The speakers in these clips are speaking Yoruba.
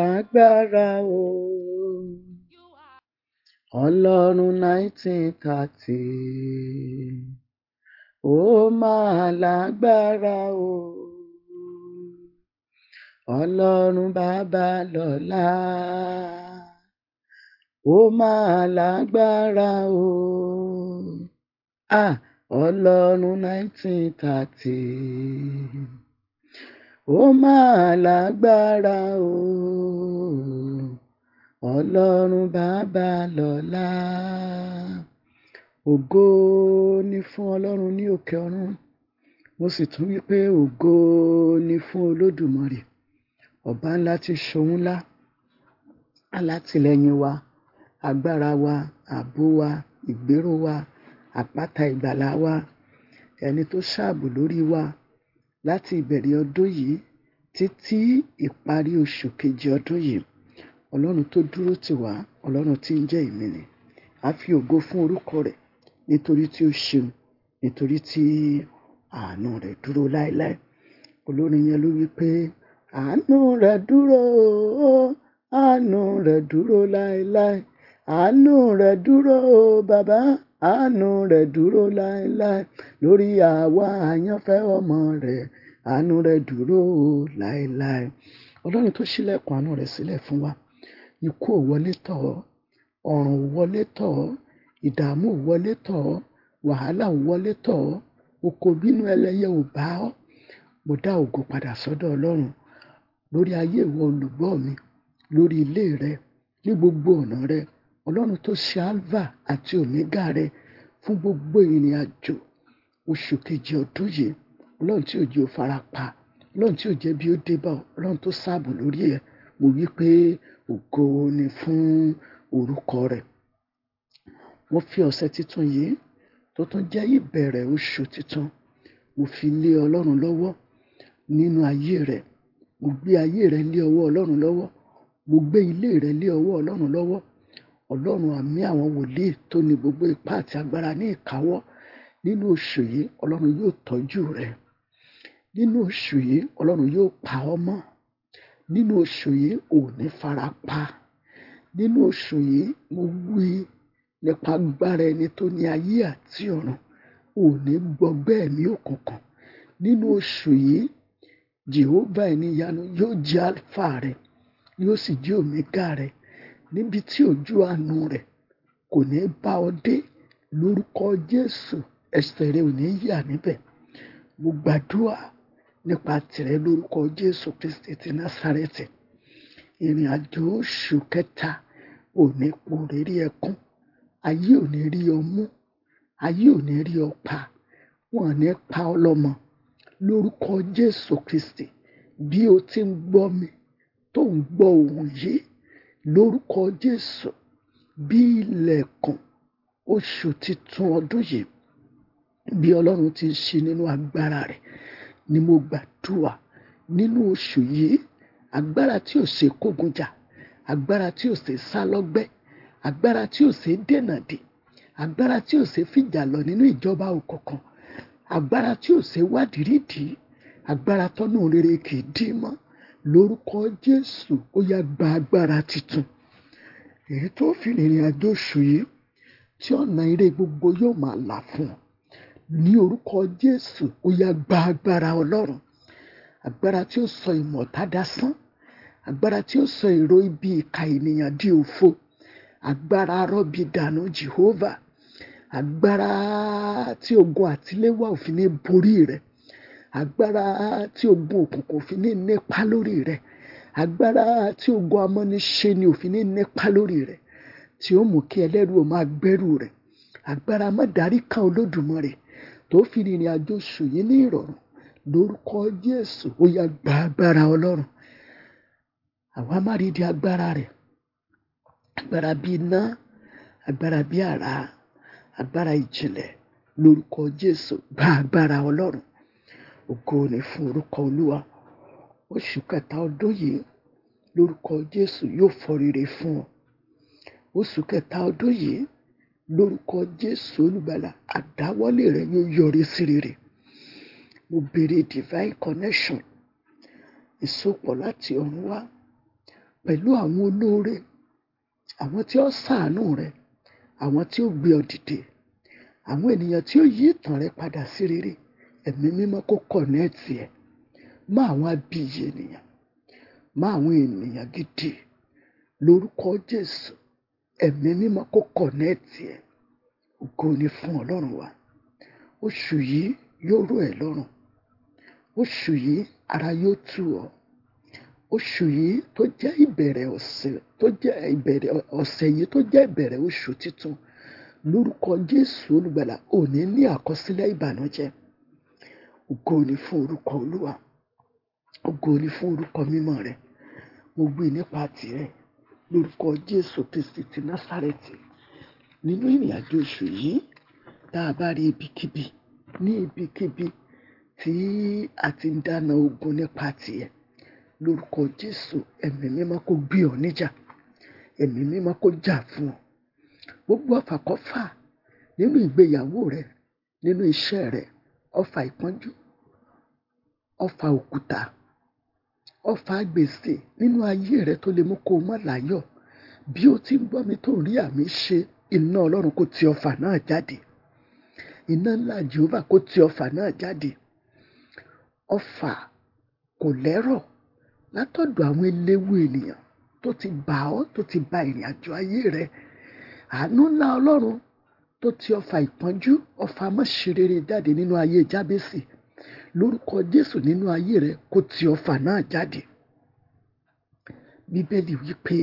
lágbára o ọlọ́run nineteen thirty ó máa lágbára o ọlọ́run bàbá lọ́la ó máa lágbára o ah ọlọ́run nineteen thirty ó máa lágbára o ọlọ́run bàbá lọ́lá ògo ni fún ọlọ́run ní òkè ọ̀run mo sì tún wí pé ògo ni fún olódùmarè ọba ńlá ti ṣohun ńlá alátìlẹ́yìn wa agbára wa ààbò wa ìgbéró wa àpáta ìgbàlà wa ẹni tó ṣààbò lórí wa Láti ìbẹ̀rẹ̀ ọdún yìí títí ìparí oṣù keje ọdún yìí, Ọlọ́run tó dúró tiwa, Ọlọ́run tí ń jẹ́ ìmìnì, a fi ògo fún orúkọ rẹ̀ nítorí tí ó ṣeun, nítorí tí àánú rẹ̀ dúró láéláé. Olórin yẹn ló wí pé àánú rẹ̀ dúró àánú rẹ̀ dúró láéláé, àánú rẹ̀ dúró bàbá, àánú rẹ̀ dúró láéláé lórí àwa àyànfẹ́ ọmọ rẹ̀ àánú rẹ̀ dúró láéláé ọlọ́run tó ṣílẹ̀kùn àánú rẹ̀ sílẹ̀ fún wa ikú ò wọlé tọ̀ ọ́ ọ̀rùn ò wọlé tọ̀ ọ́ ìdààmú ò wọlé tọ̀ ọ́ wàhálà ò wọlé tọ̀ oko bínú ẹlẹ́yẹ ò bá ọ́ mo dá ògo padà sọ́dọ̀ ọlọ́run lórí ayé ìwọ olùgbọ́ mi lórí ilé rẹ ní gbogbo ọ̀nà rẹ Ọlọ́run tó ṣe Alpha àti Omega rẹ fún gbogbo ìrìn àjò oṣù kejì ọdún yìí. Ọlọ́run tí ò jẹ́ ó farapa, Ọlọ́run tí ò jẹ́ bí ó débá ọ, Ọlọ́run tó sáàbò lórí ẹ. Mo wí pé ògo ni fún orúkọ rẹ̀. Mo fi ọ̀sẹ̀ tuntun yìí tó tún jẹ́ ìbẹ̀rẹ̀ oṣù tuntun, mo fi lé Ọlọ́run lọ́wọ́ nínú ayé rẹ. Mo gbé ayé rẹ lé ọwọ́ Ọlọ́run lọ́wọ́. Mo gbé ilé rẹ lé ọwọ́ Ọlọ́run lọ́wọ́ ọlọ́run àmì àwọn wòlíì tó ní gbogbo ipá àti agbára ní ìkáwọ́ nínú oṣù yìí ọlọ́run yóò tọ́jú rẹ nínú oṣù yìí ọlọ́run yóò pa ọ́ mọ́ nínú oṣù yìí ò ní fara pa nínú oṣù yìí mo wí nípa agbára ẹni tó ní ayé àti ọ̀run ò ní gbọgbẹ́ ẹ̀mí òkùnkùn nínú oṣù yìí jehova ẹni ìyanu yóò jẹ́ alfa rẹ yóò sì jẹ́ omega rẹ níbi tí ojú àánú rẹ̀ kò ní bá ọ dé lórúkọ Jésù ẹsẹ̀ rẹ ò ní yà níbẹ̀ mo gbàdúrà nípa tìrẹ lórúkọ Jésù Kristi ti Násárẹ́tì ìrìn àjò oṣù kẹta ò ní po rírí ẹkún ayé ò ní rí ọmú ayé ò ní rí ọpa wọn ò ní pa ọ lórúkọ Jésù Kristi bí o ti ń gbọ́ mi tó ń gbọ́ ohùn yìí lórúkọ Jésù bí ilẹ̀kùn oṣù titun ọdún yìí bí Ọlọ́run ti ń ṣe nínú agbára rẹ̀ ni mo gbàdúrà nínú oṣù yìí agbára tí ò ṣe kógun jà agbára tí ò ṣe sá lọ́gbẹ́ agbára tí ò ṣe dènà dè agbára tí ò ṣe fìjà lọ nínú ìjọba òkùnkùn agbára tí ò ṣe wádìírídìí agbára tọ́nú rere kì í dín mọ́ lórúkọ Jésù ó yá gba agbára titun èyí tó fi rìnrìn àjò oṣù yìí tí ọ̀nà ire gbogbo yóò máa là fún ọ ní orúkọ Jésù ó yá gba agbára Ọlọ́run agbára tí ó sọ ìmọ̀ta dasán agbára tí ó sọ èrò ibi ìka ènìyàn di òfo agbára arọ́bí dànù Jehovah agbára tí ogun àtiléwá òfin ní borí rẹ̀ agbára tí ogun òkùnkùn ò fi ní nípa lórí rẹ agbára tí ogun amọ́niṣe ni ò fi ní nípa lórí rẹ tí ó mú kí ẹlẹ́rù ó máa gbẹ́rù rẹ agbára má darí kan olódùmarè tó fi rìnrìn àjò sùn yìí ní ìrọ̀rùn lórúkọ Jésù ó yá gba agbára Ọlọ́run àwa má rí di agbára rẹ agbára bíi iná agbára bíi àrá agbára ìjìnlẹ̀ lórúkọ Jésù gba agbára Ọlọ́run Ògo ni fún orúkọ Olúwa. Oṣù kẹta ọdún yìí lórúkọ Jésù yóò fọ rere fún ọ. Oṣù kẹta ọdún yìí lórúkọ Jésù Olùgbàlà àdáwọ́lé rẹ yóò yọrí sí rere. Mo béèrè divine connection ìsopọ̀ láti ọ̀run wá pẹ̀lú àwọn olóore, àwọn tí ó ṣàánú rẹ, àwọn tí ó gbé ọ dìde, àwọn ènìyàn tí ó yí ìtàn rẹ padà sí rere. ẹ̀mí mímọ́ kó kọ̀nẹ́ẹ̀tì ẹ̀ má àwọn abiyì ènìyàn má àwọn ènìyàn gidi lórúkọ Jésù ẹ̀mí mímọ́ kó kọ̀nẹ́ẹ̀tì ẹ̀ ògo ni fún Ọlọ́run wa oṣù yìí yóò oṣù ara yóò tu ọ́ oṣù yìí tó jẹ́ ìbẹ̀rẹ̀ ọ̀sẹ̀ tó jẹ́ ìbẹ̀rẹ̀ ọ̀sẹ̀ yìí tó jẹ́ ìbẹ̀rẹ̀ oṣù tuntun lórúkọ Jésù olùgbàlà òní ní ògo ni fún orúkọ olúwa ògo ni fún orúkọ mímọ́ rẹ mo gbé e nípa tìrẹ lórúkọ jésù kristi ti násàrẹ́tì nínú ìrìn àjò oṣù yìí tá a bá rí ibikíbi ní ibikíbi tí a ti ń dáná ogun nípa tìẹ lórúkọ jésù ẹ̀mí mímọ́ kó gbé ọ níjà ẹ̀mí mímọ́ kó jà fún ọ gbogbo ọfà kọfà nínú ìgbéyàwó rẹ nínú iṣẹ́ rẹ ọfà ìpọ́njú ọfà òkúta ọfà gbèsè nínú ayé rẹ tó lè mú kó o má láyọ̀ bí o ti ń gbọ́ mi tó ń rí àmì ṣe iná ọlọ́run kó ti ọfà náà jáde iná ńlá Jehovah kó ti ọfà náà jáde ọfà kò lẹ́rọ̀ látọ̀dọ̀ àwọn eléwu ènìyàn tó ti bà ọ́ tó ti bà ìrìn àjò ayé rẹ àánú ńlá ọlọ́run tó ti ọfà ìpọ́njú ọfà mọ́ṣerere jáde nínú ayé jábẹ́sì lórúkọ Jésù nínú ayé rẹ kó ti ọfà náà jáde bíbélì wípé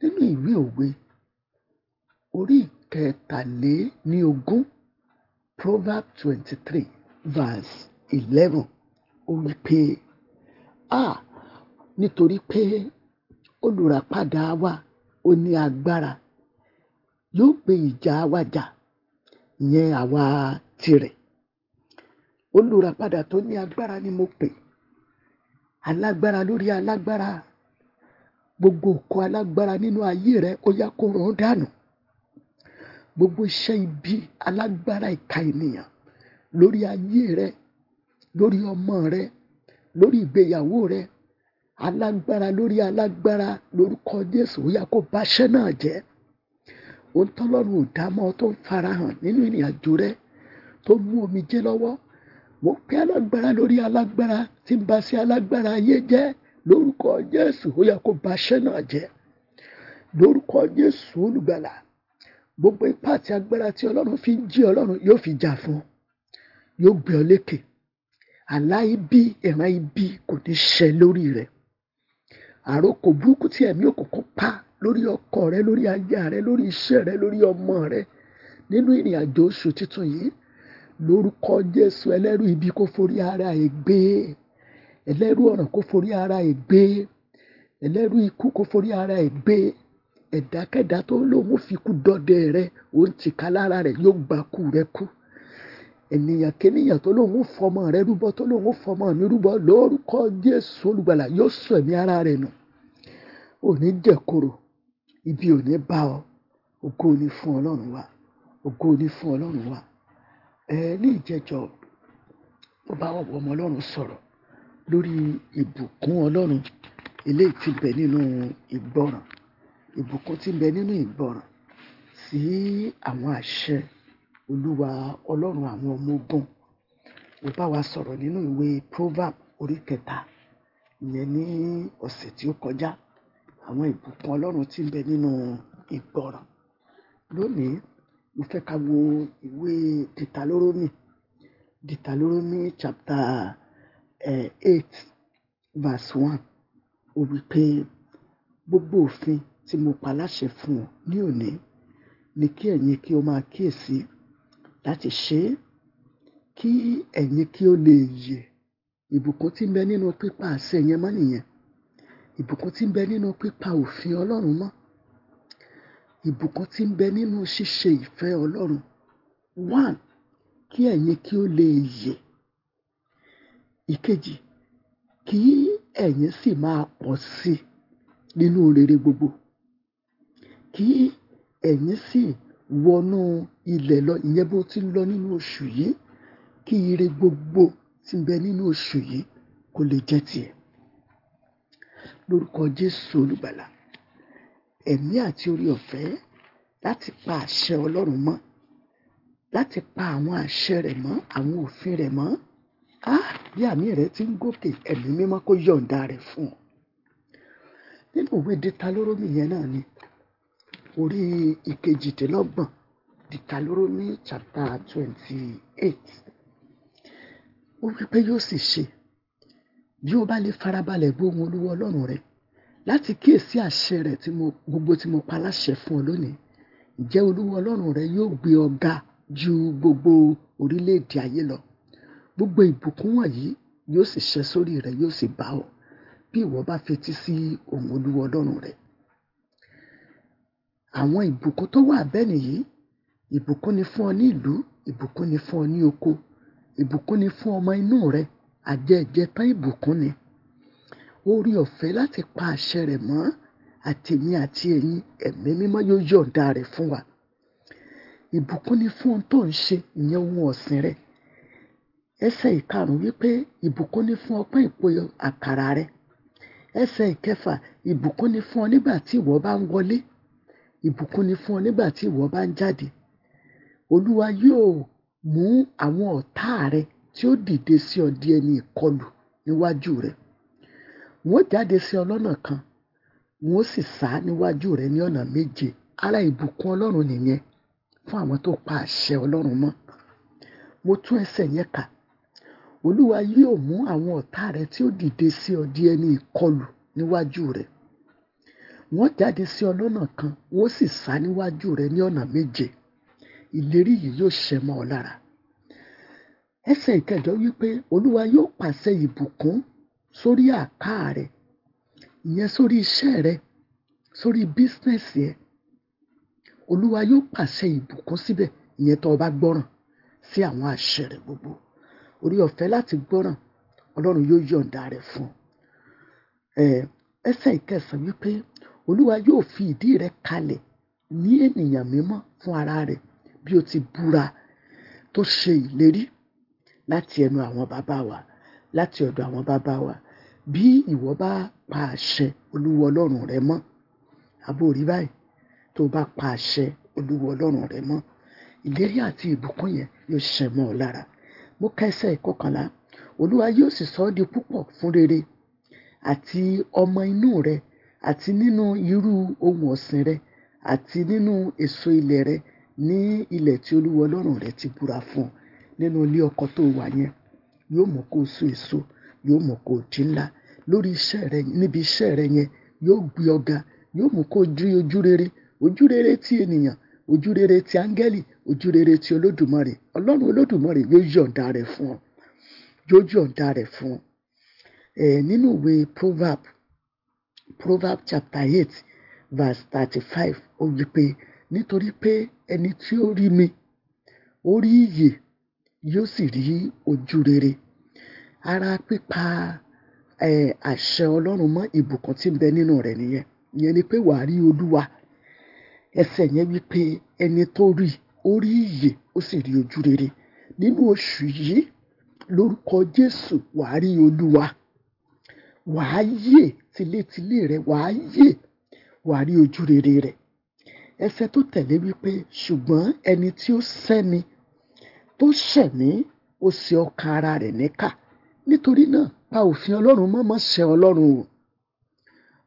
nínú ìwé òwe orí ìkẹtàléní ogún proverb twenty three verse eleven ó wípé a nítorí pé olùràpadà wa ó ní agbára yóò gbé ìjà wa jà ìyẹn àwa tirẹ̀ olùràpadà tó ní agbára ni mo pè alágbára lórí alágbára gbogbo òkò alágbára nínú ayé rẹ ó yá kó rán dànù gbogbo iṣẹ́ ibi alágbára ìka ènìyàn lórí ayé rẹ lórí ọmọ rẹ lórí ìgbéyàwó rẹ alágbára lórí alágbára lórúkọ Jésù ó yá kó báṣẹ́ náà jẹ́ ohun tọ́lọ́run ò dámọ́ tó ń farahàn nínú ìrìn àjò rẹ tó mú omijé lọ́wọ́ mo pé alágbára lórí alágbára tí ń ba sí alágbára ayé jẹ́ lórúkọ jésù ó yẹ kó ba iṣẹ́ náà jẹ́ lórúkọ jésù olùgbàlà gbogbo ipá àti agbára tí ọlọ́run fi ń jí ọlọ́run yóò fi jà fún yóò gbé ọ lékè àlá ibi ìran ibi kò ní ṣẹ lórí rẹ àròkò burúkú tí ẹ̀mí òkùnkùn pa lórí ọkọ rẹ lórí aya rẹ lórí iṣẹ́ rẹ lórí ọmọ rẹ nínú ìrìn àjò oṣù tuntun yìí lórúkọ Jésù ẹlẹ́rù ibi kó forí ara ẹ̀ gbé ẹlẹ́rù ọ̀ràn kó forí ara ẹ̀ gbé ẹlẹ́rù ikú kó forí ara ẹ̀ gbé ẹ̀dákẹ́dá tó lóun fi kú dọdẹ rẹ òun tìka lára rẹ yóò gba kú rẹ kú ènìyàn kéèyàn tó lóun fọmọ rẹ rúbọ tó lóun fọmọ mi rúbọ lórúkọ Jésù olùgbàlà yóò sọ ẹ̀mí ara rẹ nù òní jẹ̀koro ibi òní bá ọ ògo ni fún Ọlọ́run wa ògo ni fún Ọlọ́run wa ní ìjẹjọ mo bá ọ̀wọ́ ọmọ ọlọ́run sọ̀rọ̀ lórí ìbùkún ọlọ́run eléyìí tí bẹ nínú ìgbọràn ìbùkún tí bẹ nínú ìgbọràn sí àwọn àṣẹ olúwa ọlọ́run àwọn ọmọ ogun mo bá wa sọ̀rọ̀ nínú ìwé proverb orí kẹta ìyẹn ní ọ̀sẹ̀ tí ó kọjá àwọn ìbùkún ọlọ́run tí bẹ nínú ìgbọràn lónìí mo fẹ́ ka wo ìwé Deuteronomy, Deuteronomy chapter eh, eight verse one. Ó wí pé gbogbo òfin tí mo pa láṣẹ fún ọ ní òní ni kí ẹ̀yin kí ó máa kíyèsí láti ṣe é, kí ẹ̀yin kí ó lè yè. Ìbùkún tí ń bẹ nínú pípa àṣẹ yẹn mọ́ nìyẹn. Ìbùkún tí ń bẹ nínú pípa òfin Ọlọ́run mọ́ ìbùkún tí ń bẹ nínú ṣíṣe ìfẹ́ Ọlọ́run. One, kí ẹ̀yin kí ó lè yè. Ìkejì, kí ẹ̀yin sì máa pọ̀ sí nínú rere gbogbo. Kí ẹ̀yin sì wọnú ilẹ̀ lọ, ìyẹn bó ti ń lọ nínú oṣù yìí. Kí ire gbogbo tí ń bẹ nínú oṣù yìí kó lè jẹ́ tiẹ̀. Lórúkọ Jésù Olùgbàlà ẹ̀mí àti orí ọ̀fẹ́ láti pa àṣẹ ọlọ́run mọ́ láti pa àwọn àṣẹ rẹ̀ mọ́ àwọn òfin rẹ̀ mọ́ á bí àmì rẹ̀ ti ń gòkè ẹ̀mí mímọ́ kó yọ̀ǹda rẹ̀ fún ọ. nínú ìwé Ditalórómì yẹn náà ni orí ìkejìdínlọ́gbọ̀n Ditalórómì chapter twenty eight ó wí pé yóò sì ṣe bí ó bá lè farabalẹ̀ gbóhùn Olúwa ọlọ́run rẹ̀ láti kíyèsí àṣẹ rẹ̀ tí mo gbogbo tí mo pa láṣẹ fún ọ lónìí ǹjẹ́ olúwa ọlọ́run rẹ yóò gbé ọ ga ju gbogbo orílẹ̀-èdè ayé lọ gbogbo ìbùkún wọ̀nyí yóò sì ṣẹ sórí rẹ yóò sì bá ọ bí ìwọ bá fetí sí ohùn olúwa ọlọ́run rẹ àwọn ìbùkún tó wà bẹ́ẹ̀ nìyí ìbùkún ni fún ọ ní ìlú ìbùkún ni fún ọ ní oko ìbùkún ni fún ọmọ inú rẹ àjẹjẹ tán ìbùkún ni orí ọ̀fẹ́ láti pa àṣẹ rẹ̀ mọ́ àtèmi àti ẹ̀yin ẹ̀mí mímọ́ yóò yọ̀ǹda rẹ̀ fún wa ìbùkún ni fún ohun tó ń ṣe ìyẹn ohun ọ̀sìn rẹ̀ ẹsẹ̀ ìkarùn wípé ìbùkún ni fún ọpẹ́ ìpò àkàrà rẹ̀ ẹsẹ̀ ìkẹfà ìbùkún ni fún ọ nígbà tí ìwọ bá ń wọlé ìbùkún ni fún ọ nígbà tí ìwọ bá ń jáde olúwa yóò mú àwọn ọ̀tá rẹ tí ó dìde sí ọ di ẹni ìkọlù níwájú rẹ wọ́n jáde sí ọ lọ́nà kan wọ́n sì sá níwájú rẹ ní ọ̀nà méje ara ìbùkún ọlọ́run nìyẹn fún àwọn tó pa àṣẹ ọlọ́run mọ́ mo tún ẹsẹ̀ yẹn kà olúwa yóò mú àwọn ọ̀tá rẹ tí ó dìde sí ọ di ẹni ìkọlù níwájú rẹ wọ́n jáde sí ọ lọ́nà kan wọ́n sì sá níwájú rẹ ní ọ̀nà méje ìlérí yìí yóò ṣẹ mọ́ ọ lára ẹsẹ̀ ìkẹjọ wípé olúwa yóò pàṣẹ ìbùkún sórí àká rẹ ìyẹn sórí iṣẹ́ rẹ sórí bísínẹsì ẹ olúwa yóò pàṣẹ ìbùkún síbẹ̀ ìyẹn tó o bá gbọ́ràn sí àwọn àṣẹ rẹ gbogbo orí ọ̀fẹ́ láti gbọ́ràn Ọlọ́run yóò yọ̀ǹda rẹ fún ẹ ẹsẹ̀ ìkẹsàn wípé olúwa yóò fi ìdí rẹ kalẹ̀ ní ènìyàn mímọ́ fún ara rẹ bí o ti búra tó ṣe ìlérí láti ẹnu àwọn bàbá wa láti ọ̀dọ̀ àwọn bàbá wa bí ìwọ bá pa àṣẹ olúwa ọlọ́run rẹ mọ́ àbò rí báyìí tó bá pa àṣẹ olúwa ọlọ́run rẹ mọ́ ìlérí àti ìbùkún yẹn yóò ṣẹ mọ́ ọ lára mo kẹsẹ̀ ìkọkànlá olúwa yóò sì sọ ọ́ di púpọ̀ fún rere àti ọmọ inú rẹ àti nínú irú ohun ọ̀sìn rẹ àti nínú èso ilẹ̀ rẹ ní ilẹ̀ tí olúwa ọlọ́run rẹ ti búra fún ọ nínú ilé ọkọ tó wà yẹn yóò mú kó so èso yóò mú kó di ńlá lórí iṣẹ́ rẹ níbi iṣẹ́ rẹ yẹn yóò gbé ọ ga yóò mú kó rí ojú rere ojú rere ti ènìyàn ojú rere ti áńgẹ́lì ojú rere ti olódùmarè ọlọ́run olódùmarè yóò yọ̀ǹda rẹ̀ fún ọ yóò yọ̀ǹda rẹ̀ fún ọ. ẹ nínú ìwé proverb proverb chapter eight verse thirty-five ó wí pé nítorí pé ẹni tí ó rí mi ó rí ìyè yóò sì rí ojú rere ara pípa um àṣẹ Ọlọ́run mọ́ ìbùkún tí ń bẹ nínú rẹ̀ nìyẹn ìyẹn ni pé wàá rí Olúwa ẹsẹ̀ yẹn wí pé ẹni tó rí i ó rí ìyè ó sì rí ojú rere nínú oṣù yìí lórúkọ Jésù wàá rí Olúwa wàá yè tilétilé rẹ wàá yè wàá rí ojú rere rẹ̀ ẹsẹ̀ tó tẹ̀lé wí pé ẹni tí ó sẹ́ni tó ṣẹ̀mí ó ṣe ọkàn ara rẹ̀ níkà nítorí náà pa òfin ọlọ́run mọ́ mọ́ ṣẹ ọlọ́run o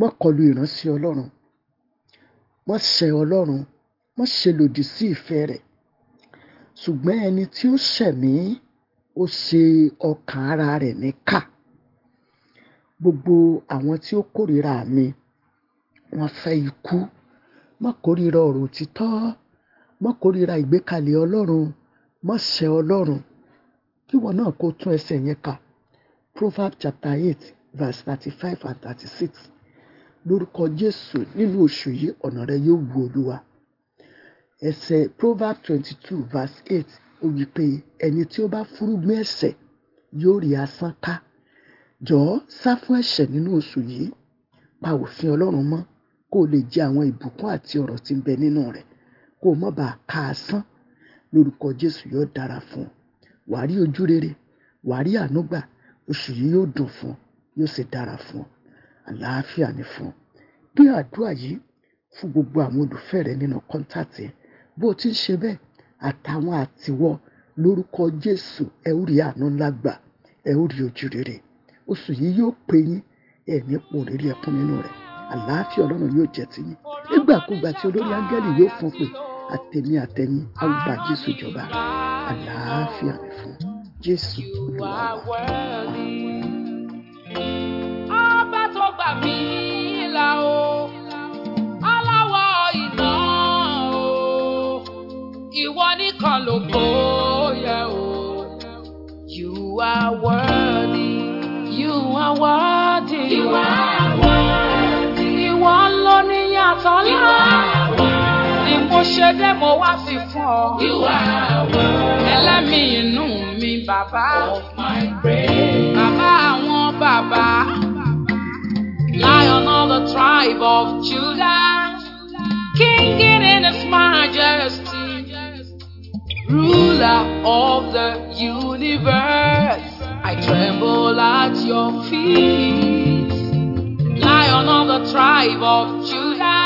mọ́ kọlu ìránṣẹ́ ọlọ́run mọ́ ṣẹ ọlọ́run mọ́ ṣe lòdì sí ìfẹ́ rẹ̀ ṣùgbọ́n ẹni tí ó ṣẹ̀mí ó ṣe ọkàn ara rẹ̀ níkà gbogbo àwọn tí ó kórìíra mi wọ́n fẹ́ ikú mọ́ kórìíra ọ̀rọ̀ òtítọ́ mọ́ kórìíra ìgbékalẹ̀ ọlọ́run má ṣẹ Ọlọ́run kí ìwọ náà kó tún ẹsẹ̀ yẹn kà Proverbs chapter eight verse thirty-five and thirty-six lórúkọ Jésù nínú oṣù yìí ọ̀nà rẹ yóò wu Olúwa ẹsẹ̀ Proverbs twenty-two verse eight ó wí pé ẹni tí ó bá fúrúgbìn ẹ̀ṣẹ̀ yóò rí asán ká jọ̀ọ́ sá fún ẹ̀ṣẹ̀ nínú oṣù yìí pa òfin Ọlọ́run mọ́ kó o lè jẹ àwọn ìbùkún àti ọ̀rọ̀ tí ń bẹ nínú rẹ̀ kó o má bàa ká asán lórúkọ jésù yóò dára fún ọ wàá rí ojú rere wàá rí àánú gbà oṣù yìí yóò dùn fún ọ yóò sì dára fún àlàáfíà ni fún ọ bí àdúrà yìí fún gbogbo àwọn olùfẹ́ rẹ nínú kọ́ńtàtì bó o ti ń ṣe bẹ́ẹ̀ àtàwọn àtiwọ́ lórúkọ jésù ẹ ó rí àánú ńlá gbà ẹ ó rí ojú rere oṣù yìí yóò pè yín ẹ̀mí pò rírí ẹkún nínú rẹ̀ àlàáfíà ọlọ́run yóò jẹ́ tiyín nígbàkúgbà tí olórí áńgẹ́lì yóò fún pé àtẹ̀mí àtẹ̀yìn á gba Jésù jọba àlàáfíà rẹ̀ fún Jésù Olúwa ṣe dé mo wá fi fún ọ. Ìwà inú mi bàbá. Oh bàbá àwọn bàbá. Lion of the tribe of Judah. King in his majesty. Ruler of the universe. I tremble at your feet. Lion of the tribe of Judah.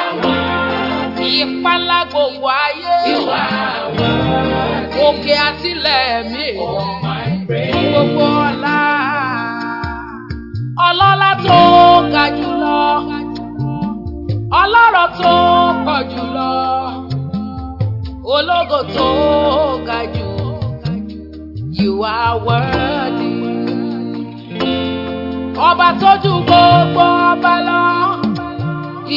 wọn. ayé. Òkè àtìlẹ̀ mi. Oh gbogbo ọlá. Ọlọ́lá tó ga jùlọ. Ọlọ́rọ̀ tó pọ̀ jùlọ. Ológo tó ga jù. You are worthy. Ọba tó jù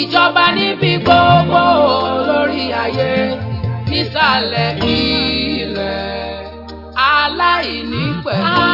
ìjọba níbi gbogbo lórí ayé nísàlẹ̀ ilẹ̀ aláìní pẹ̀lú.